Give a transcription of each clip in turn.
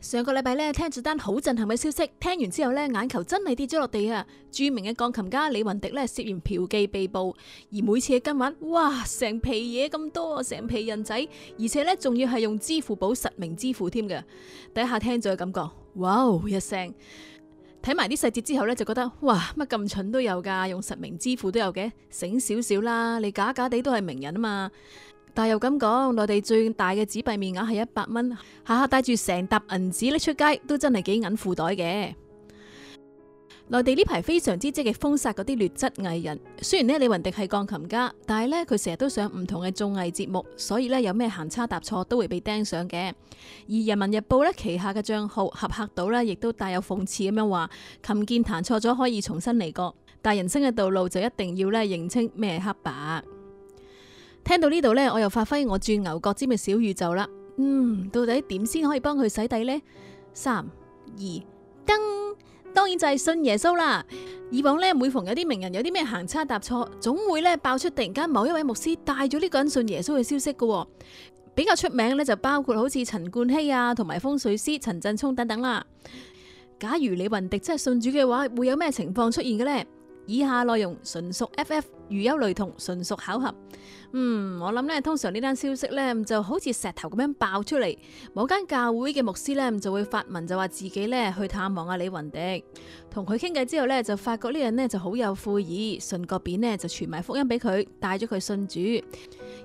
上個禮拜咧，聽咗單好震撼嘅消息，聽完之後咧，眼球真係跌咗落地啊！著名嘅鋼琴家李雲迪咧涉嫌嫖妓被捕，而每次嘅金額，哇，成皮嘢咁多，成皮人仔，而且咧仲要係用支付寶實名支付添嘅。第一下聽咗嘅感覺，哇一聲，睇埋啲細節之後咧，就覺得哇，乜咁蠢都有噶，用實名支付都有嘅，醒少少啦，你假假地都係名人啊嘛。但又咁講，內地最大嘅紙幣面額係一百蚊，下下帶住成沓銀紙拎出街，都真係幾銀褲袋嘅。內地呢排非常之積極封殺嗰啲劣質藝人，雖然呢，李雲迪係鋼琴家，但係呢，佢成日都上唔同嘅綜藝節目，所以呢，有咩行差踏錯都會被釘上嘅。而《人民日報》呢旗下嘅帳號合客島呢，亦都帶有諷刺咁樣話：琴鍵彈錯咗可以重新嚟過，但人生嘅道路就一定要呢認清咩黑白。聽到呢度呢，我又發揮我鑽牛角尖嘅小宇宙啦。嗯，到底點先可以幫佢洗底呢？三二噔，當然就係信耶穌啦。以往呢，每逢有啲名人有啲咩行差踏錯，總會呢爆出突然間某一位牧師帶咗呢個人信耶穌嘅消息噶。比較出名呢，就包括好似陳冠希啊，同埋風水師陳振聰等等啦。假如李雲迪真係信主嘅話，會有咩情況出現嘅呢？以下內容純屬 FF 如有雷同純屬巧合。嗯，我諗咧通常呢單消息咧就好似石頭咁樣爆出嚟，某間教會嘅牧師咧就會發文就話自己咧去探望阿李雲迪，同佢傾偈之後咧就發覺呢人呢就好有悔意，順個便呢就傳埋福音俾佢，帶咗佢信主，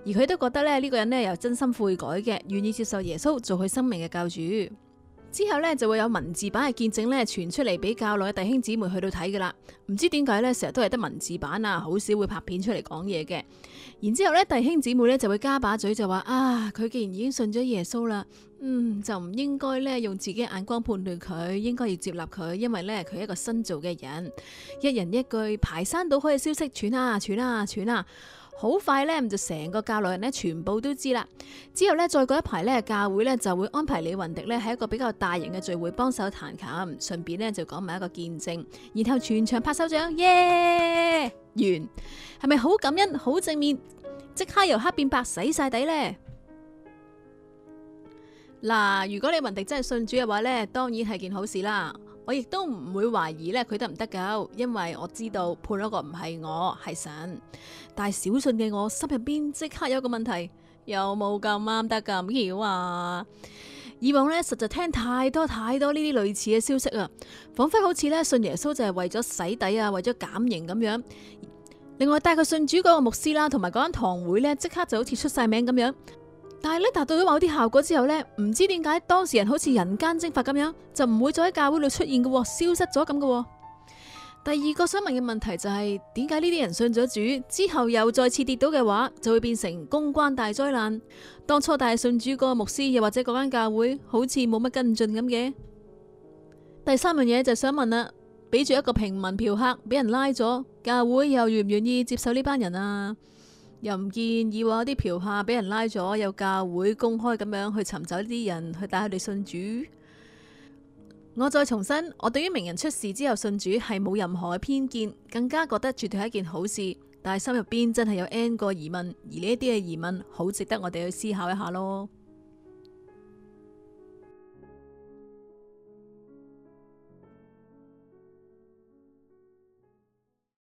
而佢都覺得咧呢個人呢又真心悔改嘅，願意接受耶穌做佢生命嘅救主。之後呢，就會有文字版嘅見證咧傳出嚟，俾教內嘅弟兄姊妹去到睇噶啦。唔知點解呢，成日都係得文字版啊，好少會拍片出嚟講嘢嘅。然之後咧，弟兄姊妹呢，就會加把嘴就話啊，佢既然已經信咗耶穌啦，嗯，就唔應該呢，用自己嘅眼光判斷佢，應該要接納佢，因為呢，佢係一個新造嘅人，一人一句排山倒海嘅消息傳啊傳啊傳啊。喘喘喘喘好快咧，就成個教內人咧，全部都知啦。之後咧，再過一排咧，教會咧就會安排李雲迪咧喺一個比較大型嘅聚會幫手彈琴，順便咧就講埋一個見證，然後全場拍手掌，耶、yeah!！完係咪好感恩，好正面，即刻由黑變白，洗晒底呢！嗱，如果李雲迪真係信主嘅話咧，當然係件好事啦。我亦都唔會懷疑咧，佢得唔得噶？因為我知道判嗰個唔係我，係神。但係小信嘅我心入邊即刻有個問題，有冇咁啱得咁巧啊？以往咧，實在聽太多太多呢啲類似嘅消息啦，仿佛好似咧信耶穌就係為咗洗底啊，為咗減刑咁樣。另外，帶佢信主嗰個牧師啦，同埋嗰間堂會咧，即刻就好似出晒名咁樣。但係咧，達到咗某啲效果之後呢，唔知點解當事人好似人間蒸發咁樣，就唔會再喺教會裏出現嘅，消失咗咁嘅。第二個想問嘅問題就係，點解呢啲人信咗主之後又再次跌倒嘅話，就會變成公關大災難？當初大信主個牧師又或者嗰間教會好似冇乜跟進咁嘅。第三樣嘢就想問啦，俾住一個平民嫖客俾人拉咗，教會又願唔願意接受呢班人啊？又唔見以往啲嫖客俾人拉咗，有教會公開咁樣去尋找啲人去帶佢哋信主。我再重申，我對於名人出事之後信主係冇任何嘅偏見，更加覺得絕對係一件好事。但係心入邊真係有 N 個疑問，而呢一啲嘅疑問好值得我哋去思考一下咯。